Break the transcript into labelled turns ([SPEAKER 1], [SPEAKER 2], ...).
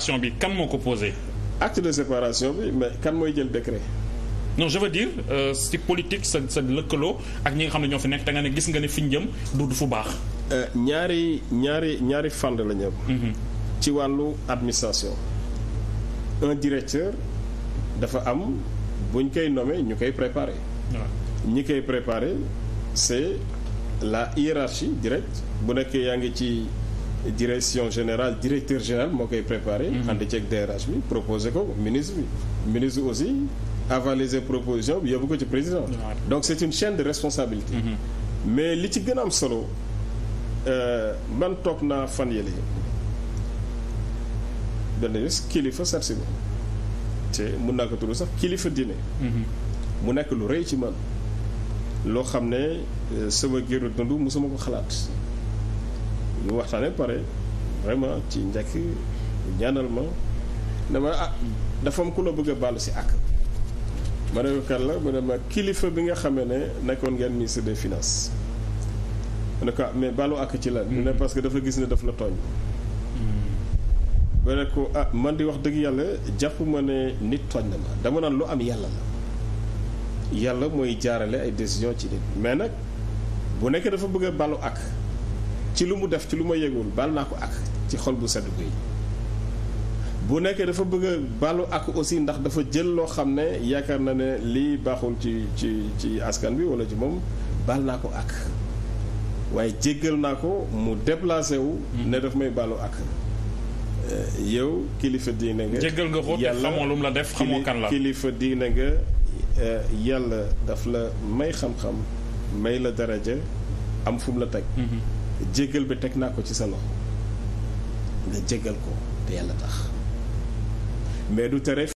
[SPEAKER 1] séparation bi kan moo ko posé. acte de séparation bi mais kan mooy jël décret. non je veux dire euh, si politique sa sa lëkkaloo ak ñi nga xam ne ñoo fi nekk da nga ne gis nga ne fi ñu jëm du du fu baax. Euh, ñaari ñaari ñaari fànn la ñu mhm. ci wàllu administration. un directeur dafa am bu koy nommé ñu koy préparé. ñi koy préparé c'est la hiérarchie directe bu nekkee yaa ngi ci. direction général directeur général moo koy préparé. Mhm. ànd ceeg DRH bi proposé ko ministre bi. ministre aussi avalisé proposition bi yóbbu ko ci président. donc c' est une chaîne de responsabilité. Mhm. mais li ci gën am solo euh, man toog naa fan yële benn bés kilifa sat te mun naa ko tudd sax kilifa dine mhm. mu nekk lu rëy ci man loo xam ne euh, sama géru dund musuma ko xalaat. ñu waxtaanee pare vraiment ci njëkk ñaanal ma dama ah dafa la bëgg a baalu si ak ma kan la mu ne kilifa bi nga xamee ne nekkoon ngeen ministre des finances ma ne ko ah, mais baalu ak ci la mu hmm. parce que dafa gis ne daf la tooñ ba ko ah man di wax dëgg yàlla jàpp ne nit tooñ na ma lu am yàlla la yàlla mooy jaarale ay décision ci nit mais nag bu nekkee dafa bëgg a ak ci lu mu def ci lu ma yëgul baal naa ko ak ci xol bu sedd guy bu nekkee dafa bëgg a baalu ak aussi ndax dafa jël loo xam ne yaakaar na ne lii baaxul ci ci ci askan bi wala ci moom baal naa ko ak waaye jéggal naa ko mu déplacé wu. Hmm. ne daf may baalu ak. Euh, yow kilifa diine nga. jéggal nga ko te xamoo la def xamoo kan la kilifa diine nga euh, yàlla daf la may xam-xam may la daraja am fu la teg. Hmm. jégal bi teg naa ko ci sa loxo nga jégal ko te yàlla tax mais du tere